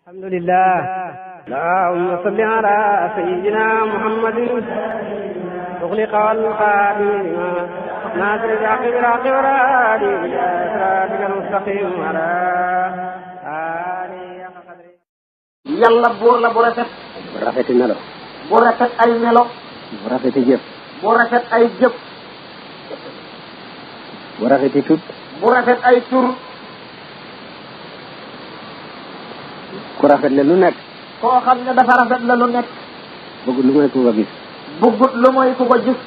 alhamdulillah allahumma salli ala sayyidina muhammadin uxliqa wal xaatimi naasiri lxaqi bil xaqi wal haadi ila siraatika almustaqim ala aalihi haqqa qadrihi yàlla buur la bu rafet bu rafeti melo bu rafet ay melo bu rafeti jëf bu rafet ay jëf bu rafeti tur bu rafet ay tur ku rafet la lu nekk koo xam ne dafa rafet la lu nekk bëggut lu mooy ku ko gis bëggut lu mooy ku ko gis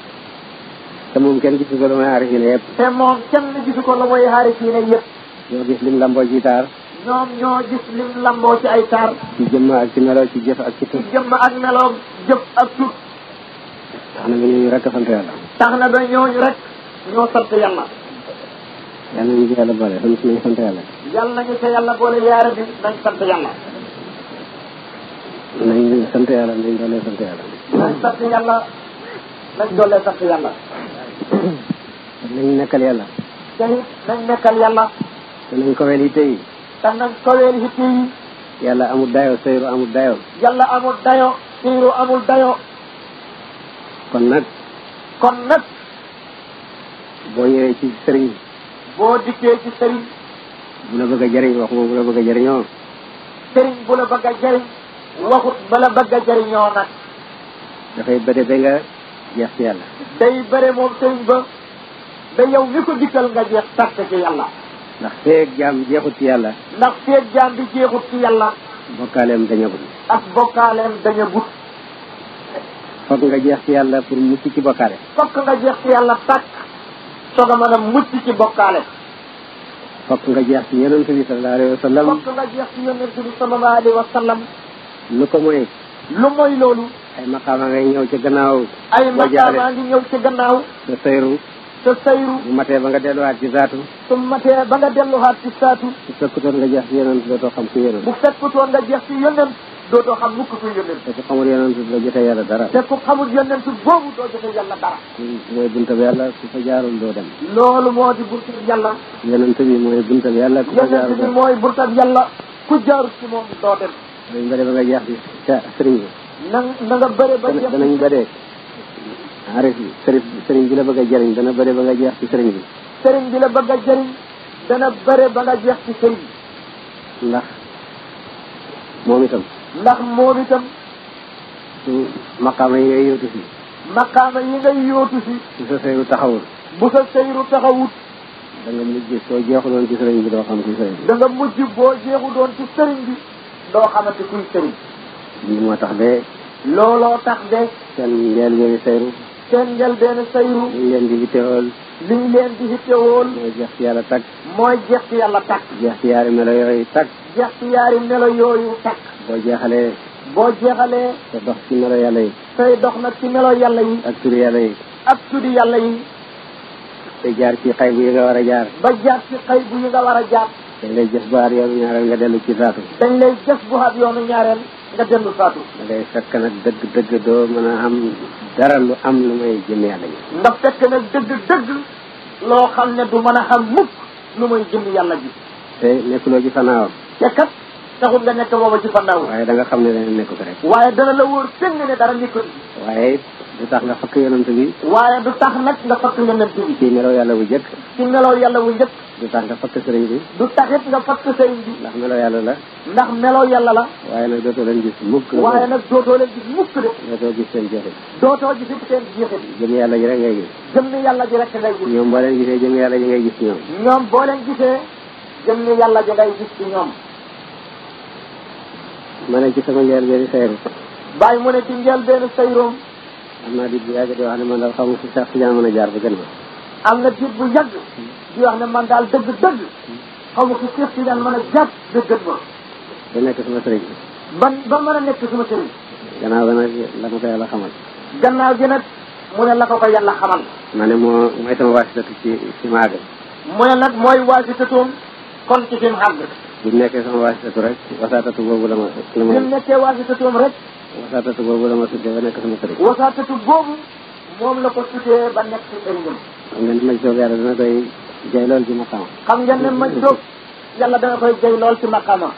te moom kenn gisu ko lu mooy xaari siine yëpp te ko lu mooy xaari siine yëpp ñoo gis lim lamboo ci taar ñoom ñoo gis lim lamboo ci ay taar ci jëmm ak ci meloo ci jëf ak ci tur ci jëmm ak meloo jëf ak tur tax na ba ñooñu rek a sant yàlla tax na ba ñooñu rek ñoo sant yàlla yàlla nañu ci yàlla boole xam nañu sant yàlla. yàlla nañu ci yàlla boole yaara bi nañ sant yàlla. nañ sant yàlla nañ doolee sant yàlla. nañ sant yàlla nañ doolee sant yàlla. nañ nekkal yàlla. te nañ nekkal yàlla. te nañ ko weel yi tey. te nañ ko weel yi tey. yàlla amul dayoo seyru amul dayoo. yàlla amul dayoo seyru amul dayoo. kon nag. kon nag. boo ñëwee ci sëriñ. boo dikkee ci sëriñ bu la bëgg a jëriñ waxu ma bu la bëgg a sëriñ bu la bëgg a waxut ba la bëgg a nag dafay bëre ba nga jeex ci yàlla day bëre moom sëriñ ba ba yow mi ko dikkal nga jeex tàkk ci yàlla ndax feeg jaam jeexut ci yàlla ndax feeg jaam bi ci yàlla bokkaaleem daña gut ak bokkaaleem daña gut fokk nga jeex ci yàlla pour mucc ci bokkaale fokk nga jeex ci yàlla tàkk soog a mën a mucc ci bokkaale fokk nga jeex ci yonent bi sallallahu alayhi wa sallam fokk nga jeex ci yonent bi sallallahu alayhi wa sallam lu ko mooy lu mooy loolu ay maqaama ngay ñëw ci gannaaw ay maqaama ngi ñëw ci gannaaw te te sayru bu matee ba nga delluwaat ci saatu su matee ba nga delluwaat ci saatu bu fekkutoon nga jeex ci yonent dootoo xam ku yonent bu fekkutoon nga jeex ci yonent dootoo xam mukk kuy yónnent. te ku xamul yónnent la jotee yàlla dara. te ku xamul yónnent boobu doo jotee yàlla dara. mooy buntab yàlla ku fa jaarul doo dem. loolu moo di buntab yàlla. yónnent bi mooy buntab yàlla. ku fa jaarul yónnent bi mooy buntab yàlla ku jaarul ci moom doo dem. dañ bëri ba nga jeex bi ca sëriñ bi. na bi la bëgg a jëriñ dana bëri ba nga jeex ci sëriñ bi. sëriñ bi la bëgg a jëriñ dana bëri ba nga jeex ci sëriñ bi. ndax moom itam ndax moom itam su maqaama yi ngay yóotu si maqaama yi ngay yóotu si bu sa seyru taxawul bu sa seyru taxawut da nga mujj soo jeexu doon ci sëriñ bi doo xam kuy sëriñ da nga mujj doon ci bi doo xamante kuy lii moo tax de looloo tax de seen njëlbéeni seyru seen njëlbéenu sayru liñ leen di itteewool liñ leen di itteewool mooy jeex ci yàlla takk mooy jeex ci yàlla takk jeex ci yaari melo yooyu takk jeex ci yaari melo yooyu boo jeexalee boo jeexalee te dox ci melo yàlla yi tey dox nag ci melo yàlla yi ak tuddi yàlla yi ak tuddi yàlla yi te jaar ci xay bu yi nga war a jaar ba jaar ci xay bu yi nga war a jaar dañ lay jëf bu xat yoonu ñaareel nga dellu ci faatu dañ lay jëf bu xat yoonu ñaareel nga dellu faatu da ngay fekk nag dëgg dëgg doo mën a am dara lu am lu may jëm yàlla ji ndax dëgg dëgg loo xam ne du man a xam mukk lu may jëm yàlla ji te nekkuloo ci fanaawam te kat taxul nga waaye da xam ne dana nekk ko rek waaye dana la wóor sëng ne dara nekk du tax nga fakk yonent bi waaye du tax nag nga fakk yonent bi ci melow yàlla wu jëkk ci melow yàlla wu jëkk du tax nga fakk sëriñ bi du taxit nga fakk sëriñ bi ndax melow yàlla la ndax melow yàlla la waaye nag dootoo leen gis mukk waaye nag dootoo leen gis mukk de dootoo gis seen jeexit dootoo gis seen jeexit jëm yàlla ji rek ngay gis jëm yàlla ji rek ngay gis ñoom boo leen gisee jëm yàlla ji ngay gis ñoom ñoom boo leen gisee jëm yàlla ji ngay gis ci ñoom ma ne ci sama njëlbeenu sayru bàyyi mu ne ci njëlbeenu sayroom am naa diit bu yàgg di wax ne man daal xaw ma fu Cheikh Tidiane mën a jaar ba gën bu yàgg di wax man daal dëgg dëgg xaw ma fu Cheikh Tidiane mën a jàpp ba gën ma ba nekk sama sëriñ ba ba mën a nekk sama sëriñ gannaaw ga la ma ko yàlla xamal gannaaw gi nag mu ne la ko ko yàlla xamal ma ne moo mooy sama waasitatu ci ci maaga mu ne nag mooy waasitatoom kon ci fi mu àgg bi mu nekkee sama waasitatu rek wasaatatu boobu la ma la ma bi rek wasaatatu boobu la ma tuddee ba nekk sama sëriñ wasaatatu boobu moom la ko tuddee ba nekk si sëriñam xam ngeen maj doob yàlla dana koy jay lool ci maqama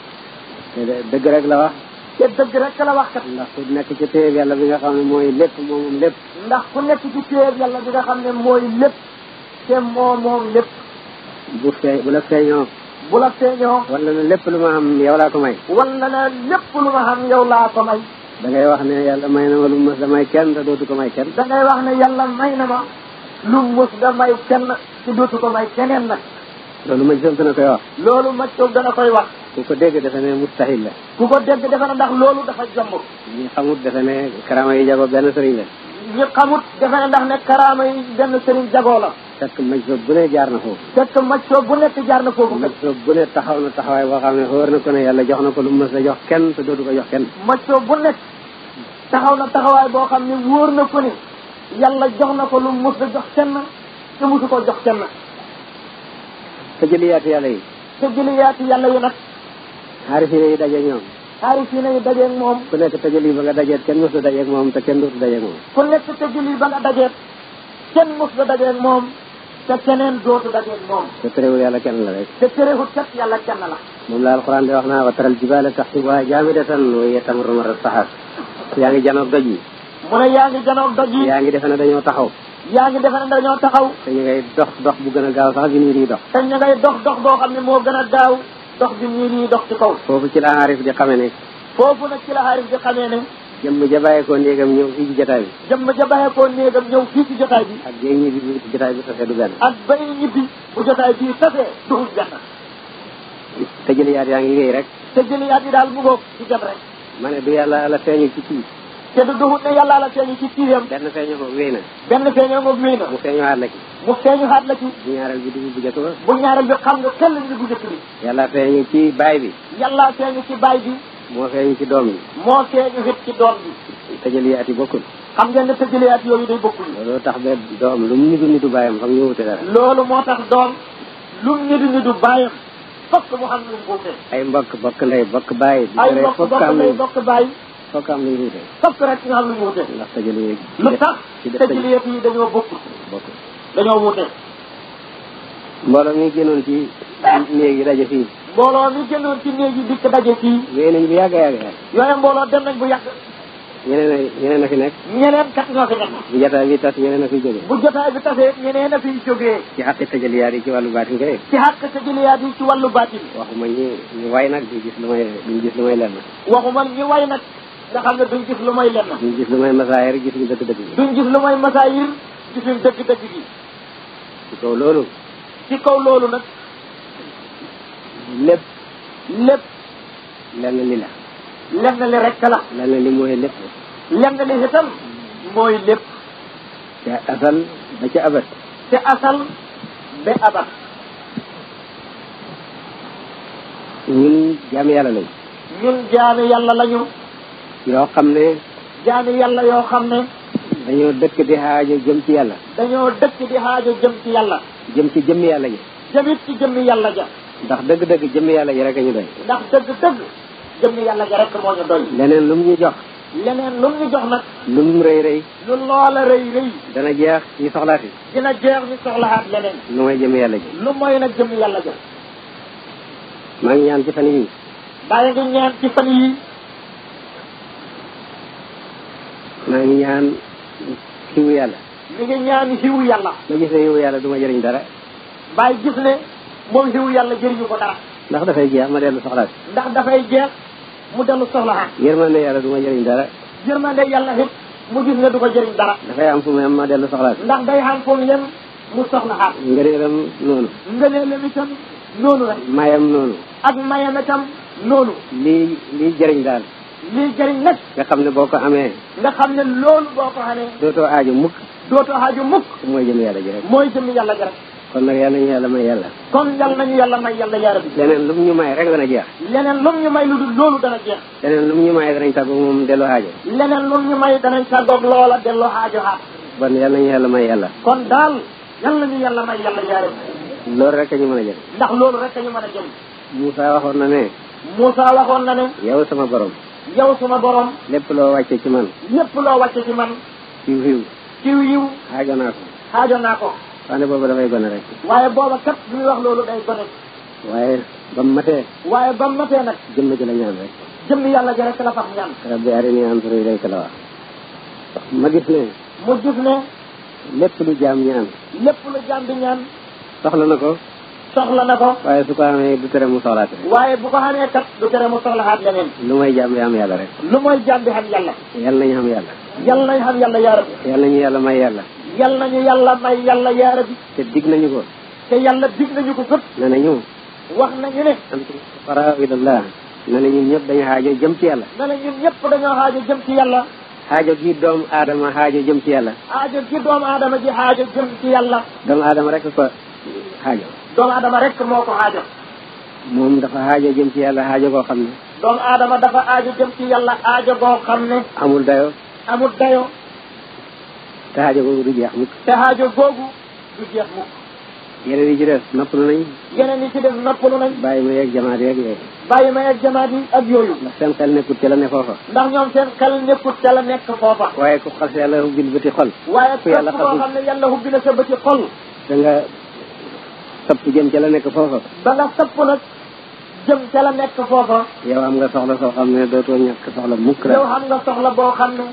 xam ngeen ne maj doob yàlla dana koy jay lool ci maqama te dëgg rek la wax te dëgg rek la wax kat ndax ku nekk ci téyeb yàlla bi nga xam ne mooy lépp moo moom lépp ndax ku nekk ci téyeb yàlla bi nga xam ne mooy lépp te moo moom lépp bu feeñ bu la feeñoo bu la feeñoo wala na lépp lu ma am yow laa ko may wala na lépp lu ma am yow laa ko may da ngay wax ne yàlla may ma lu mu mës da may kenn te dootu ko may kenn da ngay wax ne yàlla may na ma lu mu da may kenn te dootu ko may keneen nag loolu maj soom dana koy wax loolu maj soom dana koy wax ku ko dégg defe ne mustahil la ku ko dégg defe ne loolu dafa jomb ñi xamut defe ne karaama yi jagoo benn sëriñ la ñi xamut defe ne ndax ne karaama jagoo la fekk maj fa bu ne jaar na foofu fekk maj fa bu nekk jaar na foofu maj fa bu ne taxaw na taxawaay boo xam ne wóor na ko ne a maj fa bu nekk taxaw na taxawaay boo xam ne wóor na ko ne yàlla jox na ko lu mu mës a jox kenn te mosu ko jox kenn te jëliyaatu yàlla yi te jëliyaatu yàlla yi nag xaarifina yi daje ñoom xaarifina yi dajeeg moom ku nekk tëjëli ba moom te kenn dootu dajeeg moom ku nekk tëjëli ba nga dajeet kenn mosu dajeeg moom te keneen dootu dajeeg moom te terewul yàlla kenn la rek te terewul kat yàlla kenn la moom la alxuraan di wax naa wa a jibaala taxsibuhaa jaamidatan wa hiya tamurru marra saxaab yaa ngi janoog doj yi mu ne yaa ngi janoog doj yaa ngi defe dañoo taxaw yaa ngi defe dañoo taxaw te ñu dox dox bu gën a gaaw sax bi nii di dox te ñu ngay dox dox boo xam ne a gaaw dox bi nii ci kaw foofu ci la aarif di xamee ne foofu nag ci la di xamee ne jëmm ja bàyyeekoo néegam ñëw fii ci jotaay bi jëmm ja bàyyeekoo néegam ñëw fii ci jotaay bi ak bay ñibbi bu jotaay bi tasee du benn ak bay ñibbi bu jotaay bi tasee duxul benn te jëliyaat yaa ngi rek te jëliyaat daal mu ngoog ci dem rek ma du yàlla ala feeñu ci kii te du duxul ne yàlla ala feeñu ci kii yam benn feeñoo ngoog wéy na benn feeñoo ngoog wéy na mu feeñu xaat la ci mu feeñu xaat la ci bu ñaareel bi dugub bu njëkk ba bu ñaareel bi xam nga kenn la ñu bu njëkk bi yàlla feeñu ci baay bi yàlla feeñu ci baay bi moo feeñ ci doom yi moo feeñu xit ci doom yi tëjëliyaat yi bokkul xam ngeen ne tëjëliyaat yooyu day bokkul loolu tax ba doom lu mu nidu nidu bàyyam xam ñu wute dara loolu moo tax doom lu mu nidu nidu bàyyam fokk mu xam lu mu wute ay mbokk bokk ndey bokk bàyyi ay mbokk bokk ndey bokk bàyyi fokk am lu ñu wute fokk rek nga xam lu ñu wute ndax tëjëliyaat lu tax tëjëliyaat yi dañoo bokkul bokkul dañoo wute mbooloo mi génnoon ci néeg yi daje fii mbooloo mi génnoon ci néeg yi dikk daje fii. yooyu a yàgg. mbooloo dem nañ bu yàgg. ñeneen ñeneen a fi nekk. ñeneen kat ñoo fi nekk. bu jotaay bi tas ñeneen a fi bu jotaay bi tasee ñeneen a fi jógee. ci xàq tajaliyaat yi ci wàllu baatin kay. ci xàq tajaliyaat yi ci wàllu baatin. waxuma ñi ñi way nag duñ gis lu may lenn. waxuma ñi way nag nga xam ne duñ gis lu may lenn. duñ gis lu may masaayir gisuñ dëgg-dëgg bi. duñ gis lu may masaayir gisuñ dëgg-dëgg bi. ci kaw loolu. ci kaw loolu nag. lépp lépp lenn li la lenn li rek la lenn li mooy lépp lenn li itam mooy lépp ca asal ba ca abat ca asal ba abat ñun jaami yàlla lañu ñun jaami yàlla lañu yoo xam ne jaami yàlla yoo xam ne dañoo dëkk di xaajo jëm ci yàlla dañoo dëkk di xaajo jëm ci yàlla jëm ci jëm yàlla ji jëmit yàlla ja ndax dëgg-dëgg jëmm yàlla ji rek a ñu doy ndax dëgg-dëgg jëmm yàlla ji rek moo ñu doy leneen lu mu ñu jox leneen lu mu ñu jox nag lu mu rëy rëy lu loola rëy rëy dana jeex ñu soxlaat yi dina jeex ñu soxlaat leneen lu mooy jëmm yàlla ji lu mooy nag jëmm yàlla ji maa ngi ñaan ci fan yii bàyyi ngi ñaan ci fan yii maa ngi ñaan xiwu yàlla mi ngi ñaan xiwu yàlla ma gis ne xiwu yàlla du ma jëriñ dara bàyyi gis ne moom yiwu yàlla jëriñu ko dara ndax dafay jeex ma dellu soxlaa ndax dafay jeex mu dellu soxlaa yërmande yàlla du ma jëriñ dara yërmande yàlla it mu gis ne du ko jëriñ dara dafay am fu mu yem ma dellu soxlaa ndax day am fu mu yem mu soxlaa ngëneelam noonu ngëneelam tam noonu rek mayam noonu ak mayam itam noonu lii lii jëriñ daal lii jëriñ nag nga xam ne boo ko amee nga xam ne loolu boo ko amee dootoo aaju mukk dootoo aaju mukk mooy jëm yàlla ji rek mooy jëm yàlla ji kon nag yàlla ñu yàlla may yàlla kon yàlla nañu yàlla may yàlla yaa rabbi leneen lu mu ñu may rek dana jeex leneen lu mu ñu may lu dul loolu dana jeex leneen lu mu ñu may danañ tàggoog moom delloo aajo leneen lu mu ñu may danañ tàggoog loola delloo aajo ha bon yàlla nañu yàlla may yàlla kon daal yàlla ñu yàlla may yàlla yaa rabbi loolu rek a ñu mën a ndax loolu rek a ñu mën a jël waxoon na ne Moussa waxoon na ne sama borom yow sama borom lépp loo wàcce ci man lépp loo wàcce man ciw yiw ciw yiw aajo naa ko aajo naa ko waaye booba damay gone rek. waaye booba kat bu muy wax loolu day gone. waaye ba mu matee. waaye ba mu matee nag. jëmm ji la ñaan rek. jëmm yàlla ji rek la fax ñaan. rabbi arini anzur ma gis ne. lu jaam ñaan. lépp lu jaam bi ñaan. soxla na ko. soxla na ko. waaye su ko amee du tere mu soxlaat waaye bu xamee kat du tere mu soxlaat leneen. lu mooy jaam am yàlla rek. lu mooy jaam bi am yàlla. yàlla nañu am yàlla. yàlla nañu am yàlla yaa rabbi. yàlla yàlla may yàlla. yal nañu yàlla may yàlla yaara bi te dig nañu ko te yàlla dig nañu ko fët ne nañu wax nañu ne am ci fuqaraa ilallah ne na ñun ñëpp dañu xaajo jëm ci yàlla ne na ñun ñëpp dañoo xaajo jëm ci yàlla xaajo gi doomu aadama xaajo jëm ci yàlla xaajo gi doomu ji xaajo jëm ci yàlla doomu aadama rek ko xaajo doomu aadama rek moo ko xaajo moom dafa xaajo jëm ci yàlla xaajo goo xam ne doomu adama dafa xaajo jëm ci yàlla xaajo goo xam ne amul dayo amul dayo te aajo googu du jeex mukk aajo googu du jeex mukk yeneen yi ci des noppalu nañ yeneen yi ci des noppalu nañ bàyyi ma yeeg jamaat yeeg yooyu bàyyi ma yeeg jamaat yi ak yooyu ndax seen xel nekkut ca la ne foofa ndax ñoom seen xel nekkut ca la nekk foofa waaye ku xas yàlla hubbil xam ne yàlla hubbi na sa bëti xol da nga sapp jëm ca la nekk foofa ba nga sapp nag jëm ca la nekk foofa yow am nga soxla soo xam ne dootoo ñàkk soxla mukk yow am nga soxla boo xam ne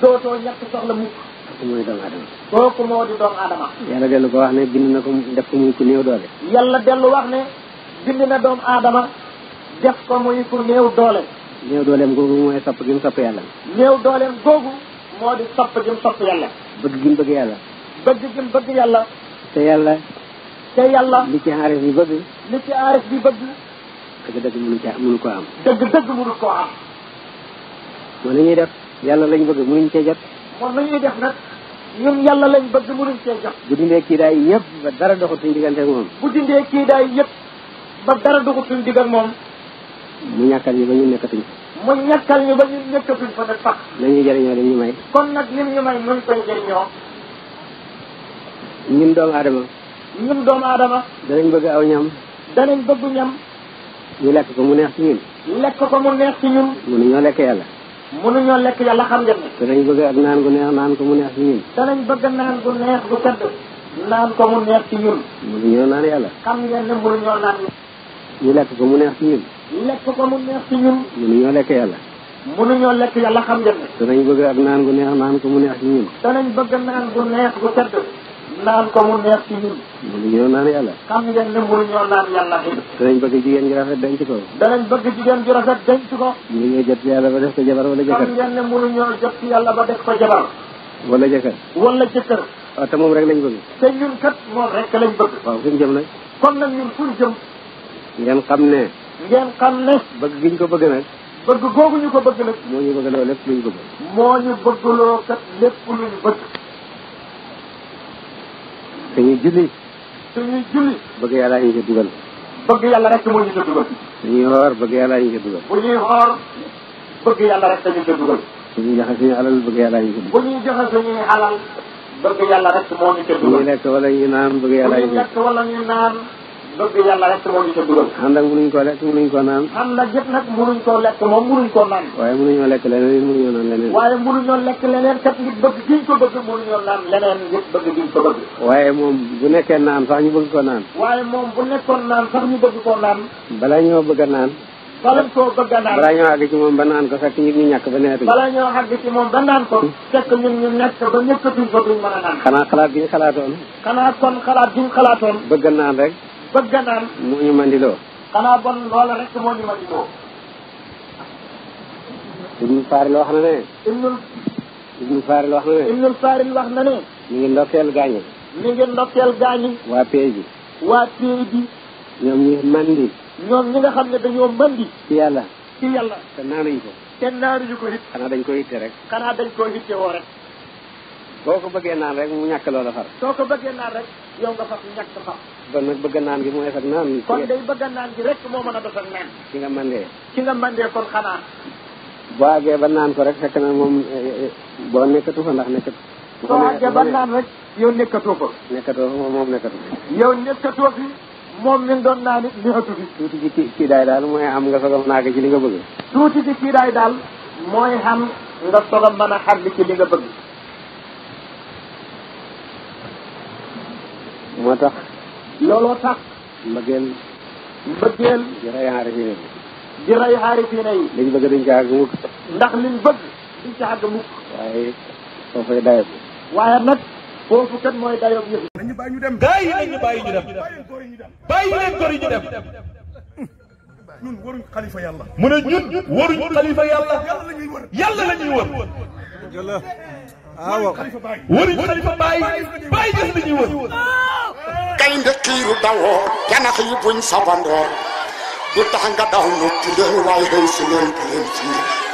dootoo ñàkk soxla mukk kooku mooy doomu adama kooku moo di doomu adama yàlla dellu ko wax ne bind na ko def ko muy ku néew doole yàlla dellu wax ne bind na doomu adama def ko muy ku néew doole néew dooleem googu mooy sopp gi mu sopp yàlla néew dooleem googu moo di sopp gi mu sopp yàlla bëgg gi mu bëgg yàlla bëgg yàlla te yàlla te yàlla li ci aarif bi bëgg li ci aarif bi bëgg dëgg-dëgg mënu ca mënu ko am dëgg-dëgg mënu ko am moo la ñuy def yàlla lañ bëgg mënuñ cee jot moom la ñuy def nag ñun yàlla lañ bëgg mënuñ cee jot. bu dindee kii daay yëpp ba dara doxul suñu diggante moom. bu dindee kii daay yëpp ba dara doxul suñu digg ak moom. mu ñàkkal ñu ba ñu nekkatuñ fa. mu ñàkkal ñu ba ñu fa nag sax. la ñuy ñu may. kon nag lim ñu may nuñ koy jëriñoo. ñun doomu aadama. ñun doomu aadama. danañ bëgg aw ñam. danañ bëgg ñam. ñu lekk ko mu neex ci ñun. lekk ko mu neex ci ñun. mënuñoo lekk yàlla. mënuñoo lekk yàlla xam ngeen ni. danañ bëgg ak naan gu neex naan ko mu neex ci ñun. danañ bëgg naan gu neex gu sedd. naan ko mu neex ci ñun. mënuñoo naan yàlla. xam ngeen ne mënuñoo naan ñu lekk ko mu neex ci ñun. lekk ko mu neex ci ñun. mënuñoo lekk yàlla. mënuñoo lekk yàlla xam ngeen ni. danañ bëgg ak naan gu neex naan ko mu neex ci ñun. danañ bëgg naan gu neex gu sedd. naan ko mu neex ci ñun. bëgg ñoo naan yàlla xam ngeen ne mënuñoo naan yàlla bi danañ bëgg jigéen ju rafet denc ko danañ bëgg jigéen ju rafet denc ko ñu ngi jot def ko jabar wala jëkkër xam ngeen ne mënuñoo jot ci yàlla ba def ko jabar wala jëkkër wala jëkkër waaw te moom rek lañ bëgg te ñun kat moom rek lañ bëgg waaw fu ñu jëm nag kon nag ñun fu jëm ngeen xam ne ngeen xam ne bëgg giñ ko bëgg nag bëgg googu ñu ko bëgg nag moo ñu bëgg loo lépp luñ bëgg moo ñu bëgg loo kat lépp luñ bëgg dañuy julli dañuy julli. bëgg yàlla ñu ca dugal. bëgg yàlla rek moo ñu ca dugal. dañuy xoor bëgg yàlla ñu ca dugal. bu ñuy xoor bëgg yàlla rek dañu ca dugal. bu ñuy joxe suñu alal bëgg yàlla ñu ca dugal. bu ñuy joxe suñuy alal bëgg yàlla rek moo ñu ca dugal. bu ñuy lekk wala ñu naan bëgg yàlla ñu ca dugal. bu ñuy lekk wala ñu naan. bëgg yàlla rek moo ñu ko dugal xam nag mënuñ koo lekk mënuñ koo naan xam nag yëpp nag mënuñ koo lekk moom mënuñ koo naan waaye mënuñoo lekk leneen mënuñoo naan leneen waaye mënuñoo lekk leneen kat nit bëgg giñ ko bëgg mënuñoo naan leneen yëpp bëgg giñ ko bëgg waaye moom bu nekkee naan sax ñu bëgg ko naan waaye moom bu nekkoon naan sax ñu bëgg ko naan bala ñoo bëgg a naan bala koo bëgg a naan bala ñoo àgg ci moom ba naan ko fekk ñu ñàkk ba neetuñ bala ñoo àgg ci moom ba naan ko fekk ñun ñu nekk ba ñëkkatuñ ko duñ mën a naan xanaa xalaat gi ñu xalaatoon xanaa kon xalaat gi ñu xalaatoon bëgg naan rek bëgg naan moo ñu mandiloo xanaa bon loola rek moo ñu mandiloo ibnul faaril wax na ne ibnul ibnul faaril wax na ne ibnul ngi ndokkeel gaañi mi ngi ndokkeel gaañi waa pay bi ñoom ñi mandi ñoom ñi nga xam ne dañoo mandi ci yàlla ci yàlla te naanuñ ko te naanuñu ko it xanaa dañ ko hitte rek xanaa dañ ko hitte woo rek boo ko bëggee naan rek mu ñàkk loola far soo ko bëggee naan rek yow nga far ñàkk far ba nag bëgg naan gi mooy sax naan. kon day bëgg naan gi rek moo mën a def ak naan. ci nga mandee. ci nga mandee kon xanaa. boo àggee ba naan ko rek fekk na moom boo nekkatu fa ndax nekkatu. boo àggee ba naan rek yow nekkatoo ko. nekkatoo ko moom nekkatoo ko. yow nekkatoo fi moom mi ngi doon naan it nekkatu fi. tuuti ci kiidaay daal mooy am nga soog a mën a àgg ci li nga bëgg. tuuti ci kiidaay daal mooy xam nga a mën a àgg ci li nga bëgg. moo tax. looloo tax mbëggeel mbëggeel di rey aarifiina yi di rey aarifiina yi liñ bëgg dañ ci àgg mukk ndax liñ bëgg duñ ci àgg mukk waaye foofay dayo bi waaye nag foofu kat mooy dayo bi yëf nañu bàyyi ñu dem gaa yi nañu bàyyi ñu dem bàyyi leen góor yi ñu dem ñun waruñ xalifa yàlla mu ne ñun waruñ xalifa yàlla yàlla la ñuy wër waaw waruñ xalifa bàyyi bàyyi def la ñuy wër gaynde kiiru dawoo janax yi buñ sabandoor du tax nga daw noppi leen waaye xew si leen di